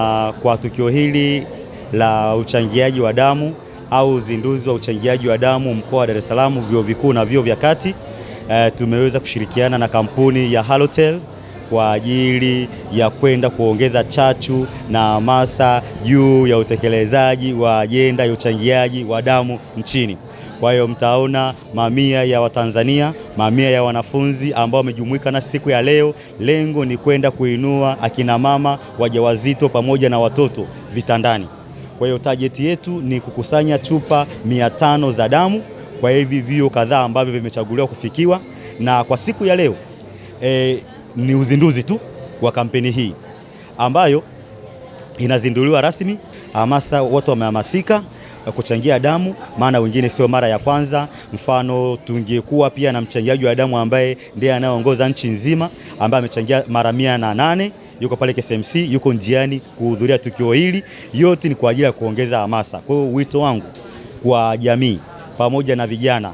Ah, kwa tukio hili la uchangiaji wa damu au uzinduzi wa uchangiaji wa damu mkoa wa Dar es Salaam, vyuo vikuu na vyuo vya kati, e, tumeweza kushirikiana na kampuni ya Halotel kwa ajili ya kwenda kuongeza chachu na hamasa juu ya utekelezaji wa ajenda ya uchangiaji wa damu nchini. Kwa hiyo mtaona mamia ya Watanzania, mamia ya wanafunzi ambao wamejumuika na siku ya leo. Lengo ni kwenda kuinua akina mama wajawazito pamoja na watoto vitandani. Kwa hiyo tajeti yetu ni kukusanya chupa mia tano za damu kwa hivi vio kadhaa ambavyo vimechaguliwa kufikiwa, na kwa siku ya leo e, ni uzinduzi tu wa kampeni hii ambayo inazinduliwa rasmi. Hamasa, watu wamehamasika. Eh, kuchangia damu, maana wengine sio mara ya kwanza. Mfano, tungekuwa pia na mchangiaji wa damu ambaye ndiye anayeongoza nchi nzima ambaye amechangia mara mia na nane yuko pale KSMC, yuko njiani kuhudhuria tukio hili. Yote ni kwa ajili ya kuongeza hamasa. Kwa hiyo wito wangu kwa jamii pamoja na vijana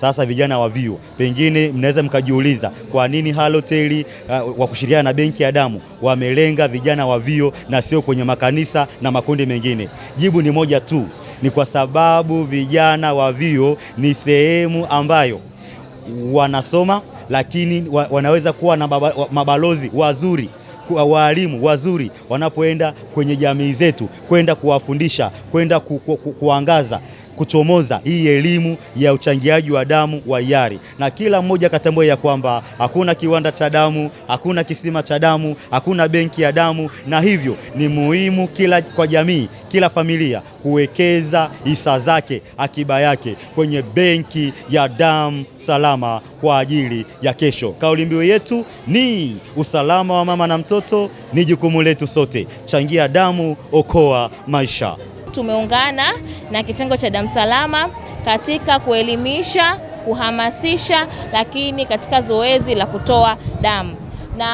sasa vijana wa vyuo, pengine mnaweza mkajiuliza kwa nini Halotel uh, wa kushirikiana na benki ya damu wamelenga vijana wa vyuo na sio kwenye makanisa na makundi mengine. Jibu ni moja tu ni kwa sababu vijana wa vyuo ni sehemu ambayo wanasoma, lakini wanaweza kuwa na mabalozi wazuri walimu wazuri wanapoenda kwenye jamii zetu, kwenda kuwafundisha, kwenda ku, ku, ku, kuangaza kuchomoza hii elimu ya uchangiaji wa damu wa hiari, na kila mmoja akatambua ya kwamba hakuna kiwanda cha damu, hakuna kisima cha damu, hakuna benki ya damu, na hivyo ni muhimu kila kwa jamii, kila familia kuwekeza hisa zake, akiba yake kwenye benki ya damu salama kwa ajili ya kesho. Kauli mbiu yetu ni usalama wa mama na mtoto ni jukumu letu sote. Changia damu, okoa maisha. Tumeungana na kitengo cha damu salama katika kuelimisha, kuhamasisha, lakini katika zoezi la kutoa damu na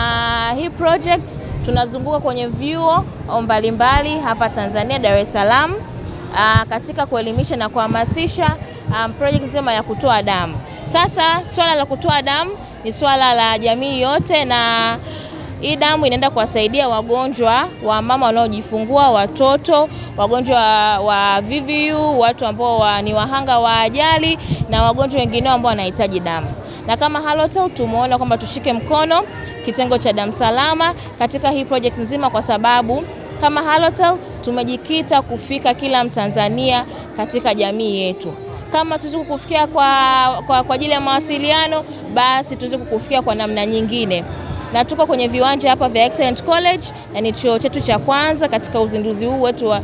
hii project tunazunguka kwenye vyuo mbalimbali hapa Tanzania, Dar es Salaam ah, katika kuelimisha na kuhamasisha um, project nzima ya kutoa damu. Sasa swala la kutoa damu ni swala la jamii yote na hii damu inaenda kuwasaidia wagonjwa wa mama wanaojifungua, watoto, wagonjwa wa VVU, watu ambao wa, ni wahanga wa ajali na wagonjwa wengineo ambao wanahitaji damu. Na kama Halotel tumeona kwamba tushike mkono kitengo cha damu salama katika hii project nzima, kwa sababu kama Halotel tumejikita kufika kila Mtanzania katika jamii yetu kama tuzuku kufikia kwa ajili kwa, kwa ya mawasiliano basi tuweze kukufikia kwa namna nyingine na tuko kwenye viwanja hapa vya Excellent College na ni chuo chetu cha kwanza katika uzinduzi huu wetu wa,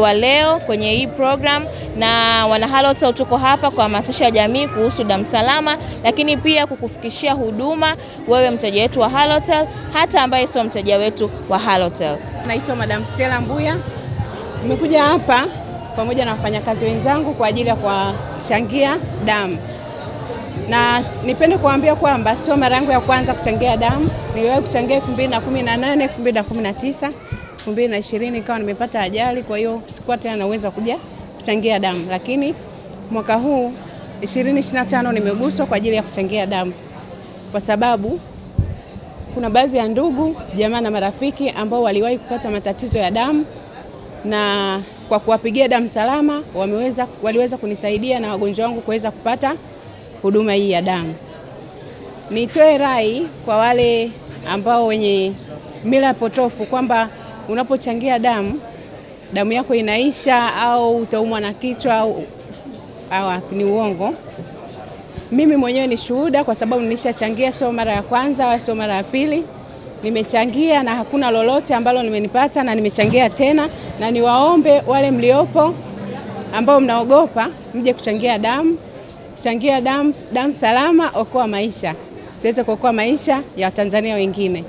wa leo kwenye hii program, na wana Halotel tuko hapa kuhamasisha jamii kuhusu damu salama, lakini pia kukufikishia huduma wewe mteja wetu wa Halotel, hata ambaye sio mteja wetu wa Halotel. Naitwa Madam Stella Mbuya, nimekuja hapa pamoja na wafanyakazi wenzangu kwa ajili ya kuwachangia damu na nipende kuambia kwamba sio mara yangu ya kwanza kuchangia damu. Niliwahi kuchangia 2018, 2019, 2020 ikawa nimepata ajali, kwa hiyo sikuwa tena na uwezo kuja kuchangia damu, lakini mwaka huu 2025 nimeguswa kwa ajili ya kuchangia damu kwa sababu kuna baadhi ya ndugu jamaa na marafiki ambao waliwahi kupata matatizo ya damu na kwa kuwapigia damu salama wameweza, waliweza kunisaidia na wagonjwa wangu kuweza kupata huduma hii ya damu. Nitoe rai kwa wale ambao wenye mila potofu kwamba unapochangia damu damu yako inaisha au utaumwa na kichwa au, au ni uongo. Mimi mwenyewe ni shuhuda kwa sababu nilishachangia, sio mara ya kwanza wala sio mara ya pili. Nimechangia na hakuna lolote ambalo nimenipata, na nimechangia tena, na niwaombe wale mliopo ambao mnaogopa mje kuchangia damu Changia damu, damu salama, okoa maisha, tuweze kuokoa maisha ya Watanzania wengine.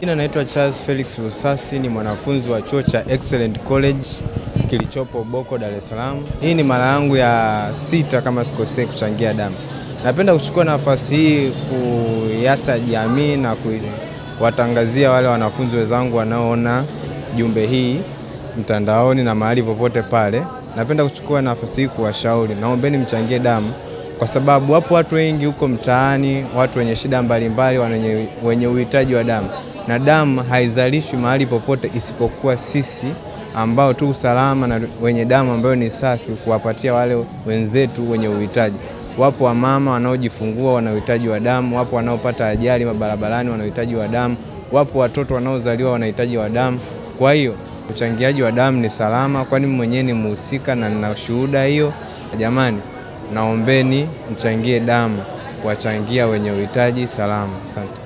Jina naitwa Charles Felix Rusasi, ni mwanafunzi wa chuo cha Excellent College kilichopo Boko, Dar es Salaam. Hii ni mara yangu ya sita kama sikosei kuchangia damu. Napenda kuchukua nafasi hii kuyasa jamii na kuwatangazia wale wanafunzi wenzangu wanaoona jumbe hii mtandaoni na mahali popote pale. Napenda kuchukua nafasi hii kuwashauri, naombeni mchangie damu kwa sababu wapo watu wengi huko mtaani, watu wenye shida mbalimbali mbali, wenye uhitaji wa damu, na damu haizalishwi mahali popote isipokuwa sisi ambao tu usalama na wenye damu ambayo ni safi kuwapatia wale wenzetu wenye uhitaji. Wapo wamama wanaojifungua wana uhitaji wa damu, wapo wanaopata ajali mabarabarani wana uhitaji wa damu, wapo watoto wanaozaliwa wanahitaji wa damu. Kwa hiyo uchangiaji wa damu ni salama, kwani mwenyewe ni mhusika na nina shuhuda hiyo. Jamani, naombeni mchangie damu, wachangia wenye uhitaji. salama asante.